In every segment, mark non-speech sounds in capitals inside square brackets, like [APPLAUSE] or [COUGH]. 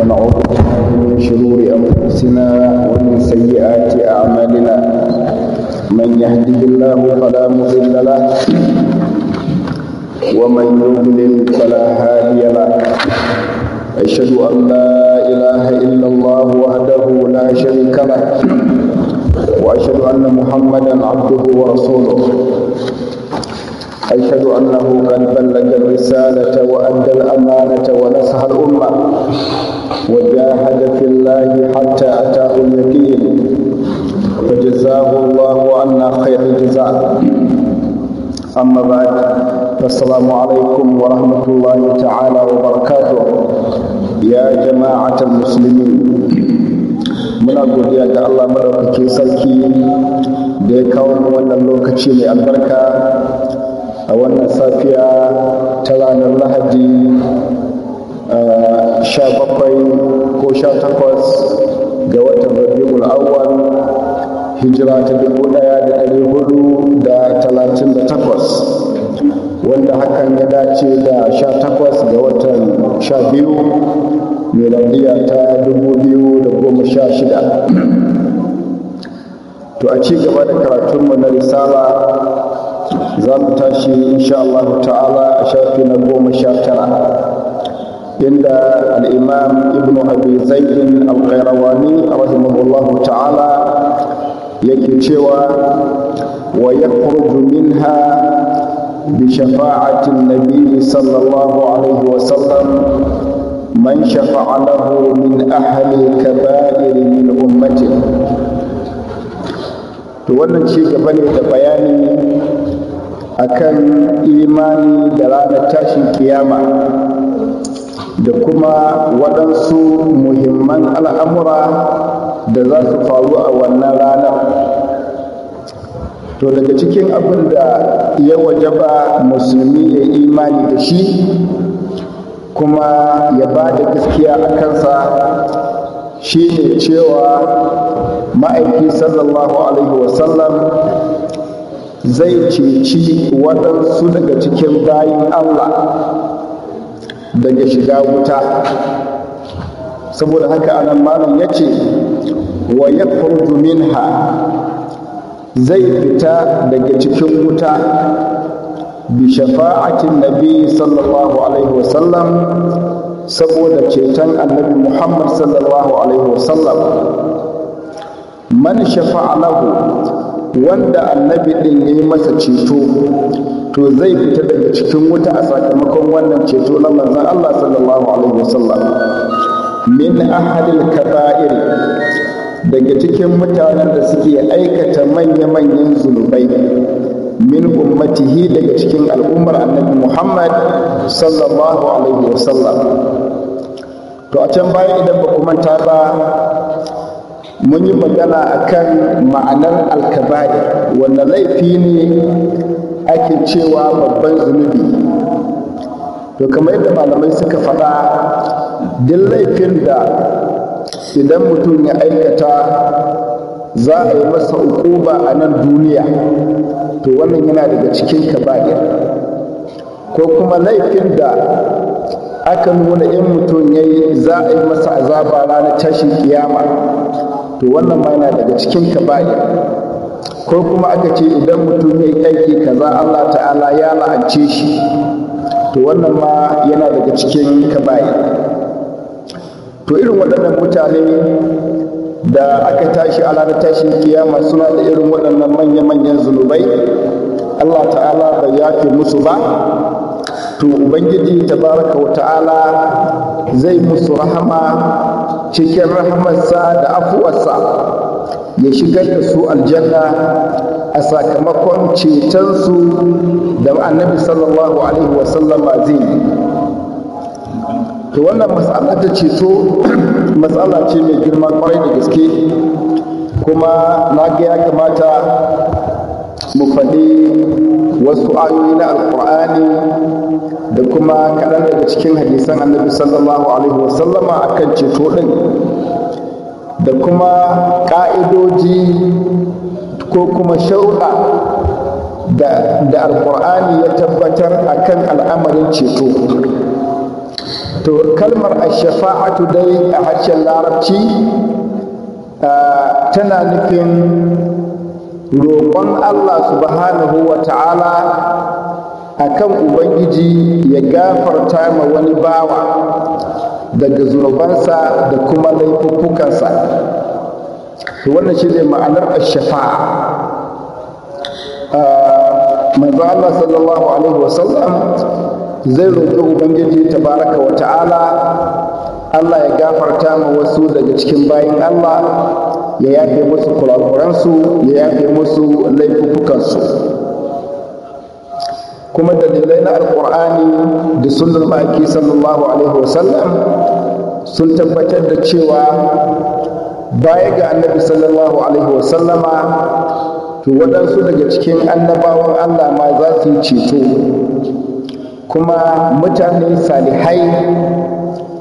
ونعوذ بالله من شرور أنفسنا ومن سيئات أعمالنا من يهده الله فلا مضل له ومن يضلل فلا هادي له أشهد أن لا إله إلا الله وحده لا شريك له وأشهد أن محمدا عبده ورسوله أشهد أنه قد بلغ الرسالة وأدى الأمانة ونصح الأمة وجاهد في الله حتى أتاه اليقين فجزاه الله عنا خير الجزاء أما بعد فالسلام عليكم ورحمة الله تعالى وبركاته يا جماعة المسلمين من أقول يا الله مرحبا كيسالكي da ya kawo mu wannan lokaci mai albarka a sha bakwai ko sha takwas ga watan rabi'ul awwal hijira ta dubu ɗaya da ɗari hudu da talatin da takwas wanda hakan ya dace da sha takwas ga watan sha biyu miladiya ta dubu biyu da goma sha shida to a ci gaba da karatunmu na risala za mu tashi insha Allah ta'ala a shafi na goma sha tara عند الإمام ابن أبي زيد القيرواني رحمه الله تعالى يكتوى ويخرج منها بشفاعة النبي صلى الله عليه وسلم من شفع له من أهل الكبائر من أمته to wannan ci تبياني ne إيماني دلالة تاشي imani da kuma waɗansu muhimman al'amura da za su faru a wannan ranar to daga cikin abin da ya wajaba musulmi ya imani da shi kuma ya ba da gaskiya a kansa shi ne cewa ma'aiki sallallahu alaihi wasallam zai ceci waɗansu daga cikin bayin allah daga shiga wuta saboda haka anan malam ya ce wa ya minha zai fita daga cikin wuta bi shafa'atin nabi sallallahu alaihi wasallam saboda ceton annabi muhammad sallallahu alaihi wasallam man shafa'a lahu wanda annabi ɗin ya yi masa ceto to zai fita daga cikin wuta a sakamakon wannan ceto na manzan Allah sallallahu alaihi wasallam min ahadil kaba'ir daga cikin mutanen da suke aikata manya-manyan zunubai min ummatihi daga cikin al'ummar annabi Muhammad sallallahu alaihi wasallam to a can bayan idan ba ku manta ba mun yi magana akan ma'anar alkabari wanda laifi ne ake cewa babban zunubi to kamar yadda malamai suka faɗa duk laifin da idan mutum ya aikata za a yi masa ukuba a nan duniya to wannan yana daga cikin kabari ko kuma laifin da aka nuna in mutum ya yi za a yi masa azaba ranar tashin kiyama to wannan ma yana daga cikin kaba'i ko kuma aka ce idan mutum ya yi aiki kaza Allah ta'ala ya la'ance shi to wannan ma yana daga cikin kaba'i to irin waɗannan mutane da aka tashi ala da tashin kiyama suna da irin waɗannan manya-manyan zunubai Allah ta'ala bai yafe musu ba to ubangiji tabaraka wa ta'ala zai musu rahama cikin rahamarsa da afuwarsa ya shigar da su aljanna a sakamakon cetonsu da annabi sallallahu alaihi wasallam zai to wannan matsala ta ceto [CLEARS THROAT] matsala ce mai girma kwarai da gaske kuma na ga ya kamata mu faɗi wasu ayoyi na Alƙur'ani da kuma kaɗan daga cikin hadisan annabi sallallahu alaihi wasallama akan ceto ɗin da kuma ƙa'idoji ko kuma shauɗa da Alƙur'ani ya tabbatar akan al'amarin ceto to kalmar ashafa'atu dai a harshen larabci ah, tana nufin roƙon Allah subhanahu wa ta'ala a kan Ubangiji ya gafarta ma wani bawa daga zurfansa da kuma laifuffukansa. wannan shi ne ma'anar shafa'a ah, manzo Allah sallallahu alaihi wasallam zai roƙi Ubangiji baraka wa ta'ala Allah ya gafarta ma wasu daga cikin bayan Allah ya yafe musu kurakuransu ya yafe musu laifukansu kuma dalilai na alkur'ani da sunan ma'aiki sallallahu alaihi wasallam sun tabbatar da cewa baya ga annabi sallallahu alaihi wasallama to waɗansu daga cikin annabawan allah ma za su yi ceto kuma mutane salihai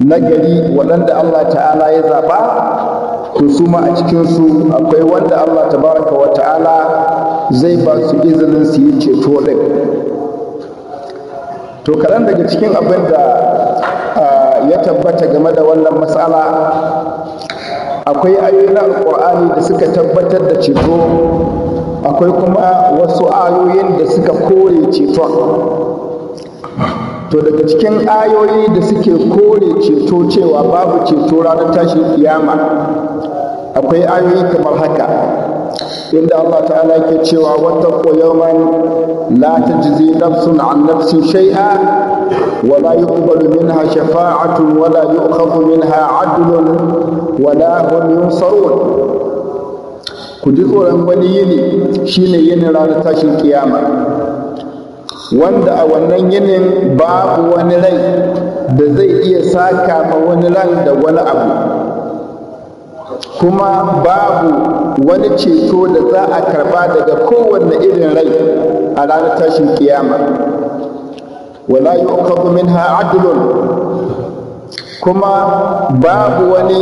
na gari waɗanda allah ta'ala ya zaɓa to su ma a cikinsu akwai wanda Allah tabaraka wa ta'ala zai ba su izinin su yi ceto ɗin to kaɗan daga cikin abin da ya tabbata game da wannan matsala akwai ayoyi na alƙur'ani da suka tabbatar da ceto akwai kuma wasu ayoyin da suka kore ceton to daga cikin ayoyi da suke kore ceto cewa babu ceto ranar tashin kiyama akwai ayoyi kamar haka inda Allah ta'ala ke cewa wata yawman la tajzi nafsun an nafsin shay'a wa la yuqbalu minha shafa'atun wa la yu'khadhu minha 'adlun wa la yin sarwar. ku ji tsoron wani yini shine yinin ranar tashin kiyama wanda a wannan yinin babu wani rai da zai iya saka ma wani ran da wani abu kuma babu wani ceto da za a karba daga kowanne irin rai a ranar tashin kiyama wala min minha 'adlun kuma babu wani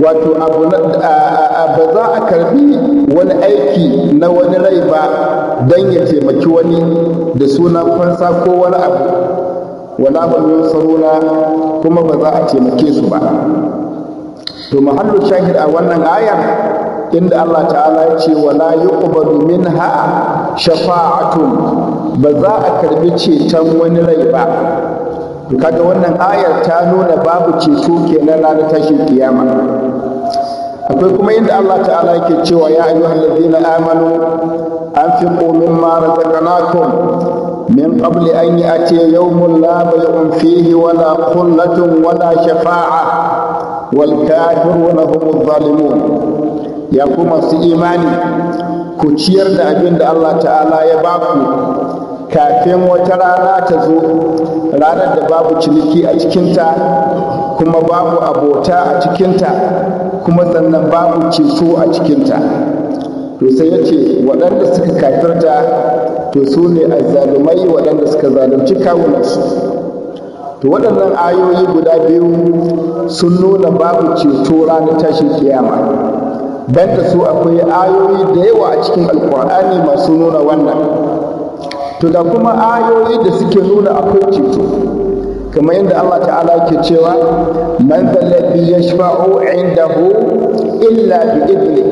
wato abu ba za a karbi wani aiki na wani rai ba don ya taimaki wani da suna fasa ko wani abu wala ba saruna kuma ba za a taimake su ba to mahallu shahid a wannan ayar inda Allah ta'ala ya ce wala yuqbalu minha shafa'atun ba za a karbi ceton wani rai ba kaga wannan ayar ta nuna babu ceto kenan ta tashin kiyama akwai kuma inda Allah ta'ala yake cewa ya ayyuhal ladina amanu anfiqu mimma razaqnakum min qabli an ya'tiya yawmun la bay'un fihi wala khullatun wala shafa'a wal kafiruna humuz zalimun ya kuma su imani ku ciyar da abin da Allah ta'ala ya baku kafin wata rana ta zo ranar da babu ciniki a cikinta kuma babu abota a cikinta kuma sannan babu ciso a cikinta to sai ya ce waɗanda suka kafirta to su ne azzalumai waɗanda suka zalunci kawunansu to waɗannan ayoyi guda biyu sun nuna babu ceto ranar tashin kiyama banda su akwai ayoyi da yawa a cikin alkur'ani masu nuna wannan to da kuma ayoyi da suke nuna akwai ceto kamar yadda Allah ta'ala ke cewa man zalabi ya shafa'o indahu illa bi idni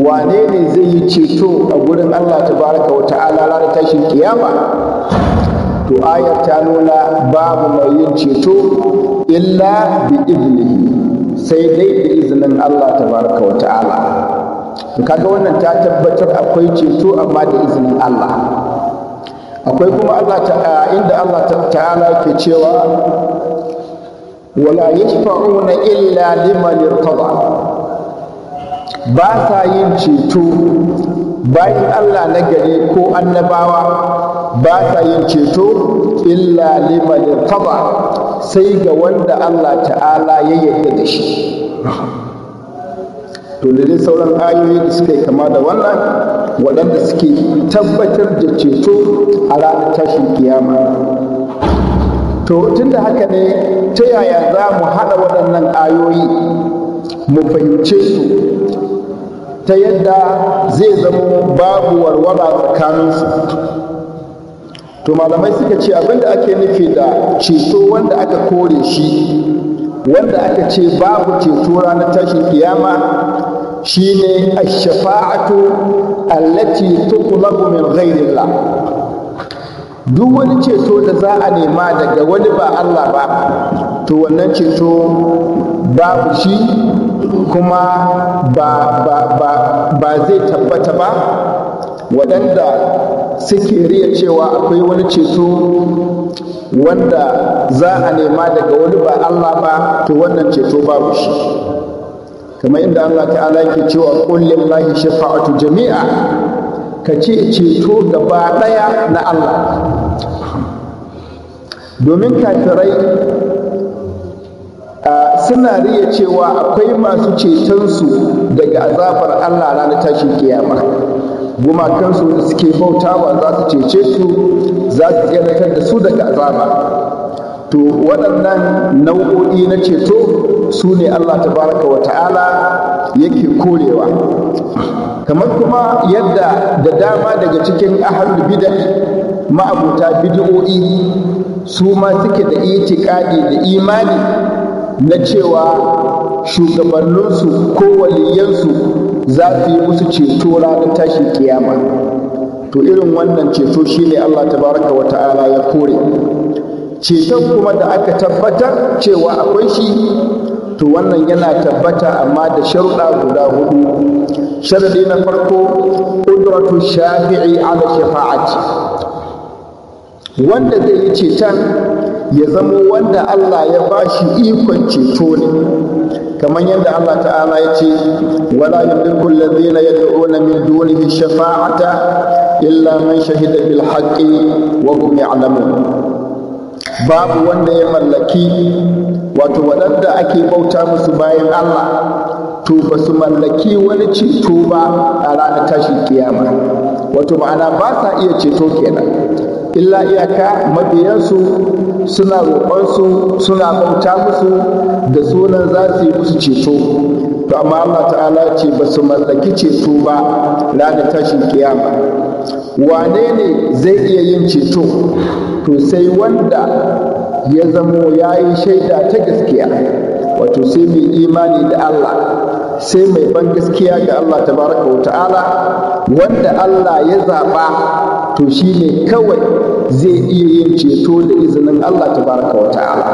wane ne zai yi ceto a gurin Allah ta baraka wa ta'ala ranar tashin kiyama to ayar ta nuna babu mai yin ceto illa bi iznihi sai dai da izinin Allah tabaraka wa ta'ala kaga wannan ta tabbatar akwai ceto amma da izinin Allah akwai kuma Allah inda Allah ta'ala ke cewa wala yashfa'una illa liman irtada ba sa yin ceto bayan Allah na gari ko annabawa ba ta yin ceto illa liman qada sai ga wanda Allah ta'ala ya yarda da shi to da sauran ayoyi da suka yi kama da wannan waɗanda suke tabbatar da ceto a ranar tashin kiyama to da haka ne ta yaya za mu haɗa waɗannan ayoyi mu fahimce su ta yadda zai zama babu warwara tsakaninsu to malamai suka ce abinda ake nufi da ceto wanda aka kore shi wanda aka ce babu ceto ranar tashin kiyama shine ash-shafa'atu allati tuqlabu min ghairillah duk wani ceto da za a nema daga wani ba Allah ba to wannan ceto babu shi kuma ba, ba, ba zai tabbata ba waɗanda suke riya cewa akwai wani ceto wanda za a nema daga wani ba Allah ba to wannan ceto babu shi kamar inda Allah ta'ala yake cewa kullin lahi shafa'atu jami'a ka ce ceto gaba ɗaya na Allah domin kafirai suna riya cewa akwai masu cetonsu daga azabar Allah ranar tashin kiyama gumakansu da suke bautawa za su cece su za su tseratar da su daga azaba to waɗannan nau'o'i na ceto su ne Allah baraka wa ta'ala yake korewa kamar kuma yadda da dama daga cikin ahlul bid'ah ma'abuta bid'o'i su ma suke da itikadi da imani na cewa shugabanninsu ko waliyansu za ta yi musu ceto ranar tashi kiyama to irin wannan ceto shine Allah tabaraka wa ta'ala ya kore ceton kuma da aka tabbatar cewa akwai shi to wannan yana tabbata amma da sharuɗa guda hudu sharaɗi na farko ƙudratu shafi'i ala shafa'ati wanda zai yi ceton ya zamo wanda Allah ya ba shi ikon ceto ne kamar yadda Allah ta'ala ya ce wala yudrikul ladina yad'una min dunihi shafa'ata illa man shahida bil haqqi wa hum ya'lamun babu wanda ya mallaki wato waɗanda ake bauta musu bayan Allah to ba su mallaki wani ceto ba a ranar tashin kiyama wato ma'ana ba sa iya ceto kenan illa iyaka mabiyansu suna roƙonsu suna bauta musu da sunan za su yi musu ceto to amma Allah ta'ala ce ba su mallaki ceto ba ranar tashin kiyama wane ne zai iya yin ceto to sai wanda ya zamo ya yi shaida ta gaskiya wato sai mai imani da Allah sai mai ban gaskiya ga Allah tabaraka wa ta'ala wanda Allah ya zaɓa to shi ne kawai zai iya yin ceto da izinin Allah tabaraka wa ta'ala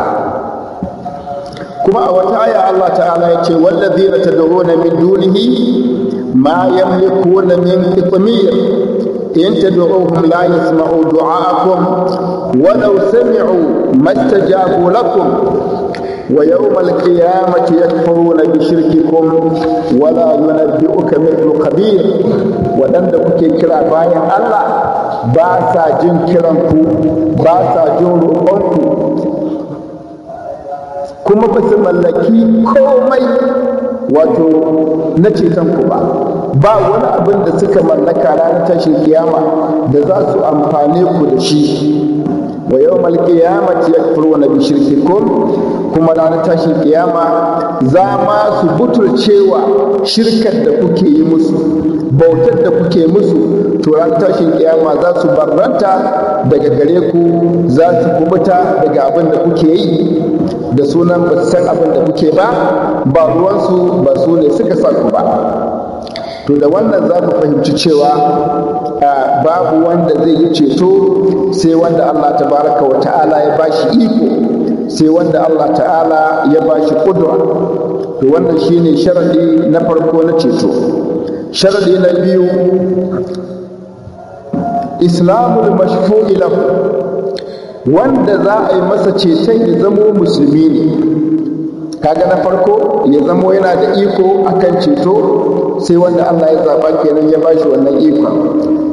kuma a wata aya Allah ta'ala ya ce wallazina tad'una min dunihi ma yamlikuna min qitmir in tad'uhum la yasma'u du'a'akum walau sami'u mastajabu lakum ويوم القيامة يكفرون بشرككم ولا ينبئك مثل خبير ودن da kuke kira bayan Allah ba sa jin kiranku ba sa jin roƙonku kuma ba su mallaki komai wato na cetonku ba ba wani abin da suka mallaka ranar tashar kiyama da za su amfane ku da shi wa ya ya mace yawmal wa nabi shirki shirkikum kuma ranar tashin kiyama za ma su cewa shirkar da kuke yi musu bautar da kuke musu to ranar tashin kiyama za su barranta daga gare ku za su kubuta daga abin da kuke yi da sunan ba san abin da kuke ba ba ruwansu ba su ne suka sa ku ba to da wannan za mu fahimci cewa babu wanda zai yi ceto sai wanda Allah tabaraka wa ta'ala ya bashi iko sai wanda Allah ta'ala ya bashi kudura to wannan shine sharadi na farko na ceto sharadi na biyu islamul mashfu wanda za a yi masa ceton ya zamo musulmi ne kaga na farko ya zamo yana da iko akan ceto sai wanda Allah ya zaba kenan ya bashi wannan ikon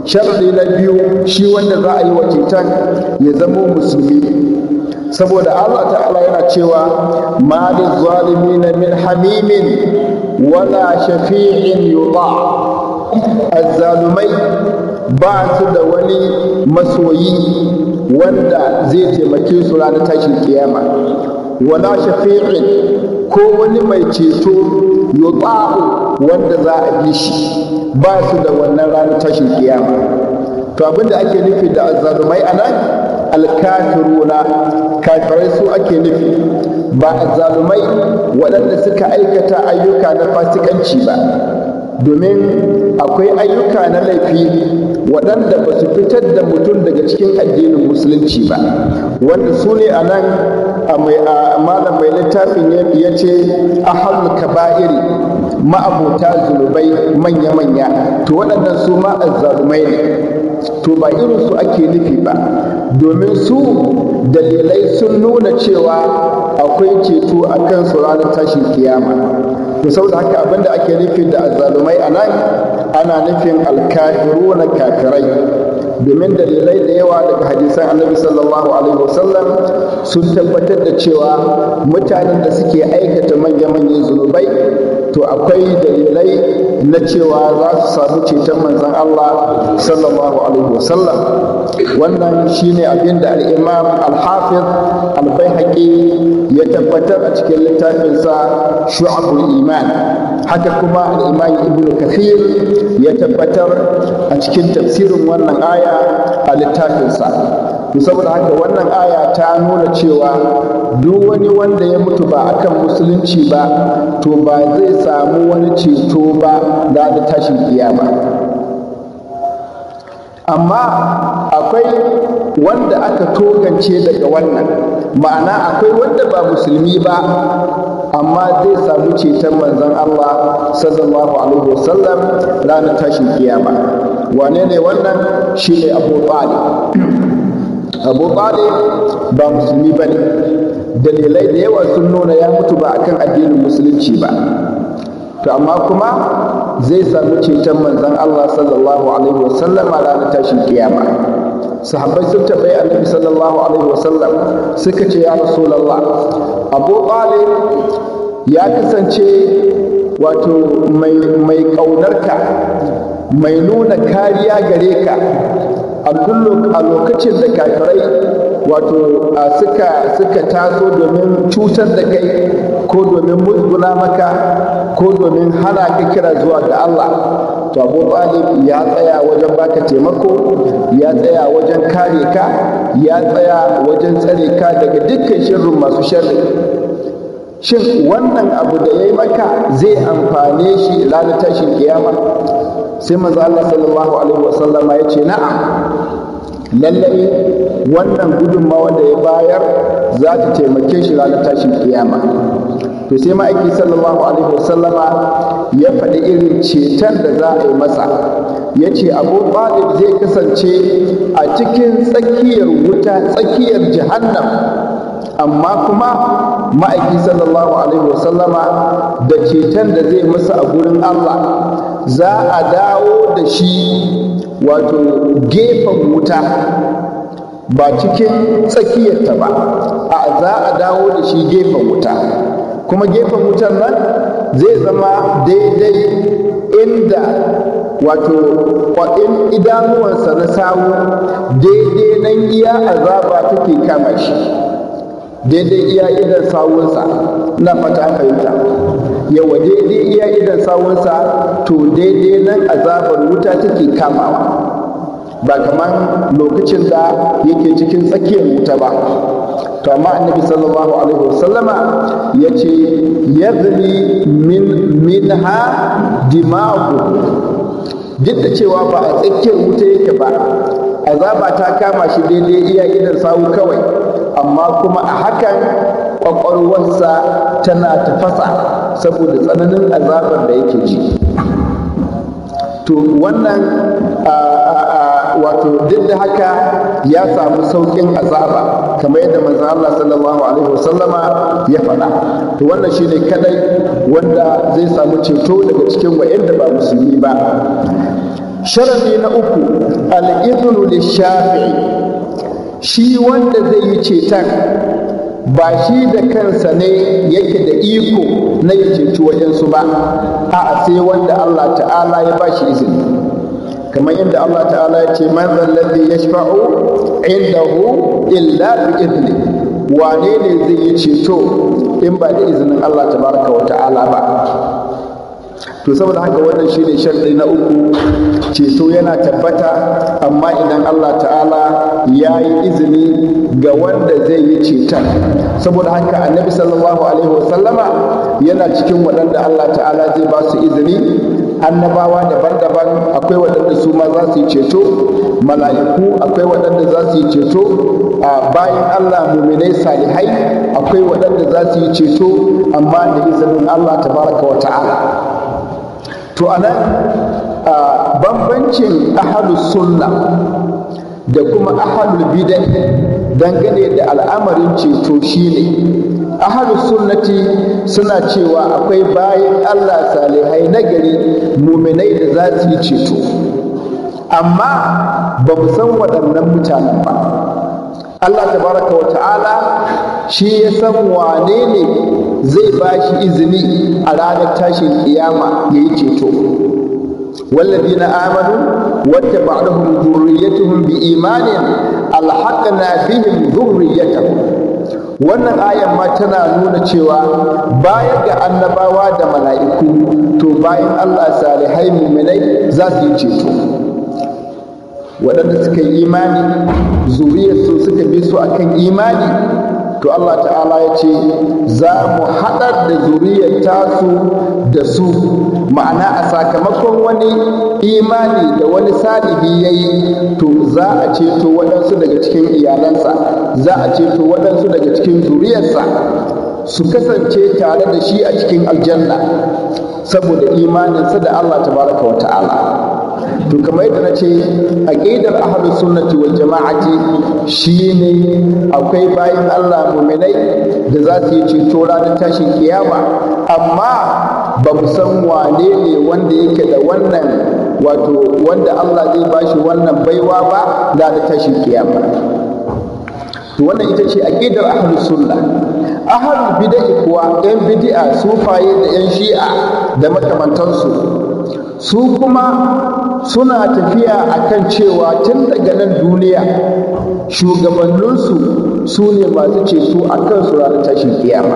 sharadi na biyu shi wanda za a yi wakiltan ya zama musulmi saboda Allah ta'ala yana cewa ma da zalimina min hamimin wala shafi'in yuta azzalumai ba su da wani masoyi wanda zai taimake su ranar tashin kiyama wala shafi'in ko wani mai ceto yutsa'u wanda za a bi shi ba su da wannan ranar tashin kiyama to abin da ake nufi da azzalumai anan alkafiruna kafirai su ake nufi ba azzalumai waɗanda suka aikata ayyuka na fasikanci ba domin akwai ayyuka na laifi waɗanda ba su fitar da mutum daga cikin addinin musulunci ba wanda su ne a nan malam mai littafin ya ce ahal kaba'iri ma'abuta zunubai manya-manya to waɗannan su ma'azzalumai ne to ba irin su ake nufi ba domin su dalilai sun nuna cewa akwai ceto a kan tashin kiyama to saboda haka abinda ake nufi da azzalumai a nan ana nufin na kafirai domin dalilai da yawa daga hadisan annabi sallallahu alaihi wasallam sun tabbatar da cewa mutanen da suke aikata manya-manyan zunubai to akwai dalilai na cewa za su samu ceton manzon Allah sallallahu alaihi wasallam wannan shine abin da al-imam al-hafiz al-baihaqi ya tabbatar a cikin littafinsa shu'abul iman haka kuma al'imam ibn kafir ya tabbatar a cikin tafsirin wannan aya a littafinsa saboda haka wannan aya ta nuna cewa duk wani wanda ya mutu ba akan musulunci ba to ba zai samu wani ceto ba da da tashin kiyama amma akwai wanda aka togance daga wannan ma'ana akwai wanda ba musulmi ba amma zai samu ceton manzon Allah sallallahu alaihi wasallam ranar tashin kiyama wane ne wannan shine Abu Talib Abu Talib ba musulmi bane dalilai da yawa sun nuna ya mutu ba akan addinin musulunci ba to amma kuma zai samu ceton manzon Allah sallallahu alaihi wasallam ranar tashin kiyama sahabbai sun tabbai annabi sallallahu alaihi wasallam suka ce ya rasulallah abu talib ya kasance wato mai ƙaunarka mai nuna kariya gare ka a lokacin da kafirai wato a suka suka taso domin cutar da kai ko domin musguna maka ko domin hana ka kira zuwa ga Allah to Abu Talib ya tsaya wajen baka taimako ya tsaya wajen kare ka ya tsaya wajen tsare ka daga dukkan shirin masu sharri shin wannan abu da yayi maka zai amfane shi ranar tashin kiyama sai manzo Allah sallallahu alaihi wasallama ya ce na'am lallai wannan gudunmawa da ya bayar za ta taimake shi ranar tashin kiyama to sai ma'aiki sallallahu alaihi wasallama ya faɗi irin ceton da za a yi masa ya ce abu ɓalib zai kasance a cikin tsakiyar wuta tsakiyar jahannam amma kuma ma'aiki sallallahu alaihi wasallama da ceton da zai masa a gurin allah za a dawo da shi wato gefen wuta ba cikin tsakiyarta ba a za a dawo da shi gefen wuta kuma gefen wutan nan zai zama daidai inda wato kwaɗin idanuwansa na sawu daidai nan iya azaba take kama shi daidai iya idan sawunsa na fata fahimta ya waje dai iya idan sawunsa to daidai nan azabar wuta take kamawa ba kamar lokacin da yake cikin tsakiyar wuta ba to amma annabi sallallahu alaihi wasallama ya ce min minha dima'u duk da cewa ba a tsakiyar wuta yake ba azaba ta kama shi daidai iya idan sawu kawai amma kuma a hakan ƙwaƙwalwarsa tana tafasa saboda tsananin azabar da yake ji to wannan wato duk da haka ya samu sauƙin azaba kamar yadda manzo Allah sallallahu alaihi wasallama ya faɗa to wannan shine kadai wanda zai samu ceto daga cikin wa'anda ba musulmi ba sharadi na uku al-idhnu lishafi'i shi wanda zai yi ceton ba shi da kansa ne yake da iko na ceci wajensu ba a sai wanda Allah ta'ala ya ba shi izini kamar yadda Allah ta'ala ya ce man zalladhi yashfa'u indahu illa bi idni wane ne zai yi ceto in ba da izinin Allah tabaraka wa ta'ala ba to saboda haka wannan shine sharɗi na uku ceto yana tabbata amma idan Allah ta'ala ya yi izini ga wanda zai yi ceton saboda haka annabi sallallahu alaihi wasallama yana cikin waɗanda Allah ta'ala zai ba su izini annabawa daban-daban akwai waɗanda su ma za su yi ceto mala'iku akwai waɗanda za su yi ceto a bayan Allah muminai salihai akwai waɗanda za su yi ceto amma da izinin Allah tabaraka wa ta'ala to anan bambancin ahalus sunna da kuma ahalul bida'i dangane da al'amarin ceto shine ahalus sunnati suna cewa akwai bayan Allah salihai nagari muminai da za su yi ceto amma ba mu san waɗannan mutanen ba Allah tabaraka wa ta'ala shi ya san wane ne zai ba shi izini a ranar tashin kiyama ya yi ceto na والذين آمنوا bi imanin بإيمان na bihin ذريتهم wannan ayan ma tana nuna cewa bayan ga annabawa da mala'iku to bayan Allah salihai muminai za su yi ceto waɗanda suka yi imani zuriyar su suka bi su akan imani to Allah ta'ala ya ce za mu haɗar da zuriyar tasu da su ma'ana a sakamakon wani imani da wani salihi ya yi to za a ceto waɗansu daga cikin iyalansa za a ceto waɗansu daga cikin zuriyarsa su kasance tare da shi a cikin aljanna saboda imaninsa da Allah tabaraka wa ta'ala to kamar yadda na ce aqidar ahlus sunnati wal jama'ati shine akwai bayan Allah mu'minai da za su yi ceto ranar tashin kiyama amma ba mu san wane ne wanda yake da wannan wato wanda Allah zai ba shi wannan baiwa ba da tashin kiyama to wannan ita ce aqidar ahlus sunna ahlul bid'a kuwa yan bid'a sufaye da yan shi'a da makamantansu su kuma suna tafiya a kan cewa tun daga nan duniya shugabanninsu su ne masu ceto a kan su ranar tashin kiyama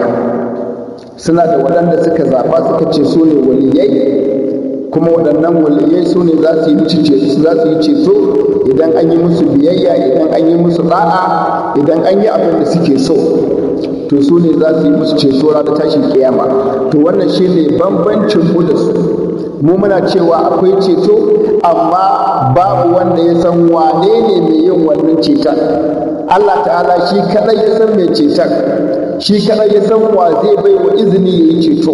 suna da waɗanda suka zaɓa suka ce su ne waliyai kuma waɗannan waliyai su ne za su yi ceto idan an yi musu biyayya idan an yi musu ɗa'a idan an yi abin da suke so to su ne za su yi musu ceto ranar tashin kiyama to wannan ne bambancin mu da su mu muna cewa akwai ceto amma babu wanda ya san wane ne mai yin wannan ceton Allah ta'ala shi kadai ya san mai ceton shi kadai ya san wa zai bai wa izini ya yi ceto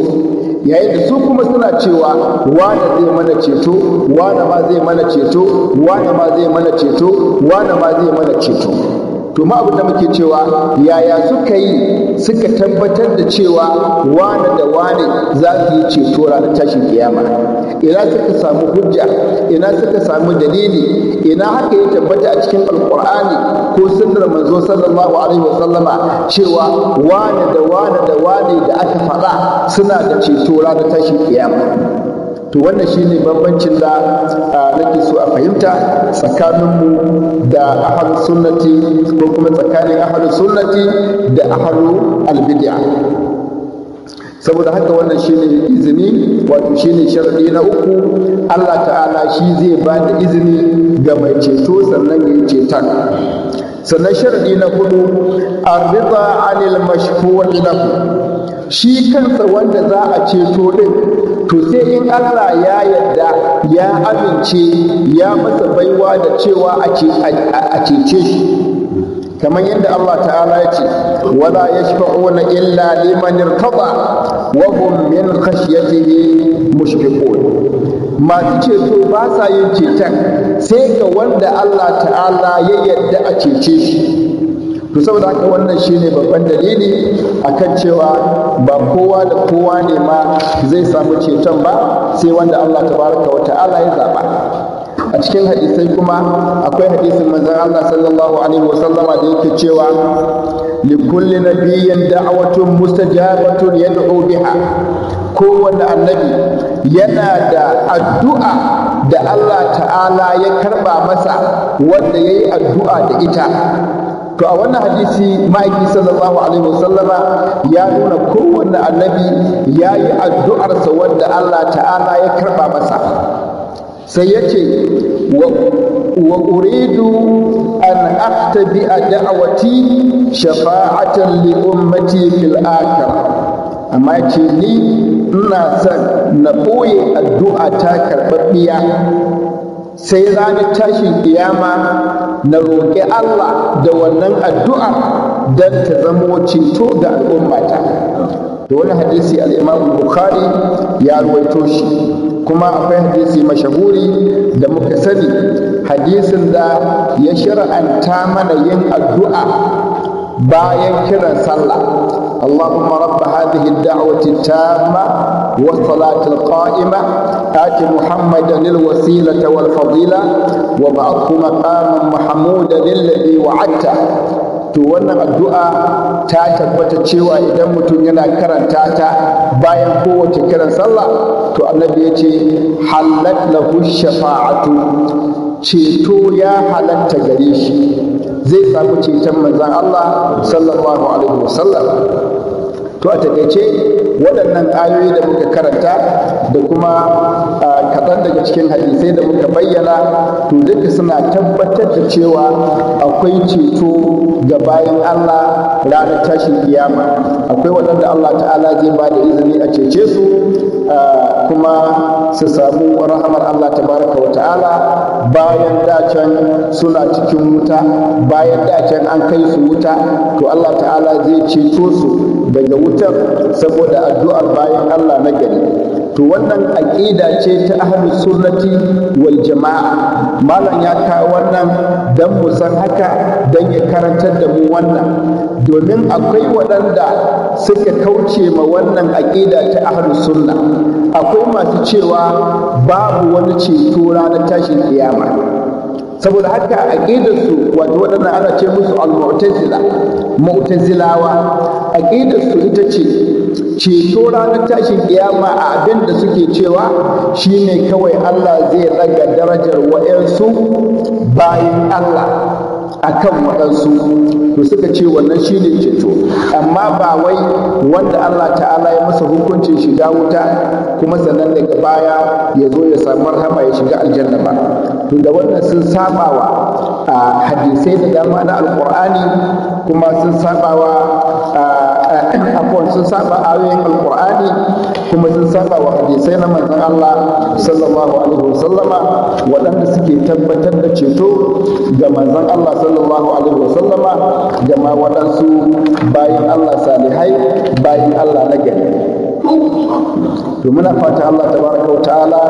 yayin da su kuma suna cewa wane zai mana ceto wane ma zai mana ceto wane ma zai mana ceto wane ma zai mana ceto to ma abin da muke cewa yaya suka yi suka tabbatar da cewa wane da wane za su yi ceto ranar tashin kiyama ina suka samu hujja ina suka samu dalili ina haka ya tabbata a cikin alkur'ani ko sunnar manzo sallallahu alaihi wasallama cewa wane da wane da wane da aka faɗa suna da ceto ranar tashin kiyama to wannan shine bambancin da nake so a fahimta tsakaninmu da ahlus sunnati ko kuma tsakanin ahlus sunnati da ahlul albid'a saboda haka wannan shine izini wato shine sharadi na uku Allah ta'ala shi zai ba da izini ga mai ceto sannan ya ceta sannan sharadi na hudu arriba anil mashhur lahu shi kansa wanda za a ceto din to sai in Allah ya yarda ya amince ya masa baiwa da cewa a cece shi kamar yadda Allah ta'ala ya ce wala yashfa'una illa liman irtaba wa hum min khashyatihi mushfiqun masu ceto ba sa yin ceton sai ga wanda Allah ta'ala ya yarda a cece shi to saboda haka wannan shine babban dalili akan cewa ba kowa da kowa ne ma zai samu ceton ba sai wanda Allah tabaraka wa ta'ala ya zaba a cikin hadisai kuma akwai hadisin manzon Allah sallallahu alaihi wa sallama da yake cewa li kulli nabiyyin da'watun mustajabatun yad'u biha kowanne annabi yana da addu'a da Allah ta'ala ya karba masa wanda yayi addu'a da ita to a wannan hadisi ma'aiki sallallahu alaihi wasallama ya nuna kowanne annabi ya yi addu'arsa wadda Allah ta'ala ya karɓa masa sai ya ce wa uridu an aftabi a da'awati shafa'atan li ummati fil akhir amma ce ni ina son na ɓoye addu'a ta karɓaɓɓiya sai ranar tashin kiyama na roƙi Allah da wannan addu'a don ta zamo ceto da al'ummata. Da wani hadisi al'imamu Bukhari ya ruwaito shi, kuma akwai hadisi mashahuri da muka sani hadisin da ya shir'anta mana yin addu'a bayan kiran sallah. اللهم رب هذه الدعوة التامة والصلاة القائمة آت محمدا الوسيلة والفضيلة وبعثه مقاما محمودا الذي وعدته to wannan addu'a ta tabbata cewa idan mutum yana karanta ta bayan kowace kiran sallah to annabi ya ce halat lahu shafa'atu ceto ya halatta gare shi zai samu ceton manzan Allah sallallahu alaihi wasallam to a takaice waɗannan ayoyi da muka karanta da kuma a kaɗan daga cikin hadisai da muka bayyana to duka suna tabbatar da cewa akwai ceto ga bayan Allah ranar tashin kiyama akwai waɗanda Allah ta'ala zai ba da izini a cece su kuma su samu rahamar Allah tabaraka wa ta'ala bayan dacen suna cikin wuta bayan dacen an kai su wuta to Allah ta'ala zai ceto su daga wutar saboda addu'ar bayan Allah na gari to wannan aƙida ce ta ahli sunnati wal jama'a malam ya kawo wannan dan mu san haka dan ya karantar da mu wannan domin akwai waɗanda suka kauce ma wannan aƙida ta ahli sunna akwai masu cewa babu wani ceto ranar tashin kiyama saboda haka aqidarsu wato waɗannan ana ce musu al-mu'tazila mu'tazilawa aqidarsu ita ce ceto ranar tashin kiyama a abin da suke cewa shine kawai Allah zai raga darajar wa'yansu bayan Allah a kan waɗansu to suka ce wannan shi shine ceto amma ba wai wanda Allah ta'ala ya masa hukuncin shiga wuta kuma sannan daga baya ya zo ya samu marhaba ya shiga aljanna ba to da wannan sun sabawa a hadisai da dama na alqur'ani kuma sun sabawa a sun saba ayoyin alqur'ani kuma sun saba wa hadisai na manzon Allah sallallahu alaihi wasallama waɗanda suke tabbatar da ceto ga manzon Allah sallallahu alaihi wasallama ga ma waɗansu bayan Allah salihai bayan Allah na gari to muna fata Allah tabaraka ta'ala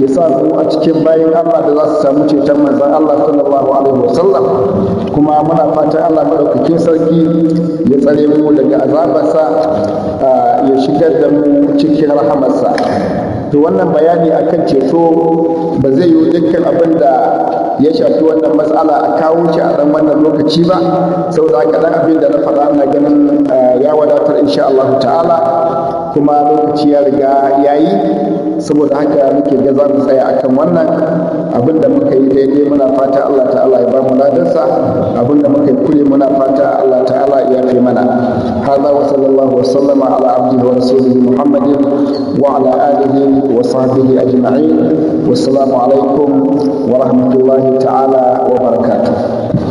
ya sa mu a cikin bayan Allah da za su samu ceton manzon Allah sallallahu alaihi wasallam kuma muna fata Allah madaukakin sarki ya tsare mu daga azabarsa ya shigar da mu cikin rahamarsa to wannan bayani akan ceto ba zai yi dukkan abin da ya shafi wannan matsala a kawo shi a ɗan wannan lokaci ba saboda haka ɗan abin da na faɗa na ganin eh, ya wadatar insha Allah ta'ala kuma lokaci ya riga yayi saboda haka muke ga za mu tsaya akan wannan abin da muka yi daidai muna fata Allah ta'ala ya ba mu ladansa abin da muka yi kure muna fata Allah ta'ala ya fi mana hada wa sallallahu wa sallama ala abdihi wa rasulihi muhammadin wa ala alihi wa sahbihi ajma'in wassalamu alaikum wa rahmatullahi ta'ala wa barakatuh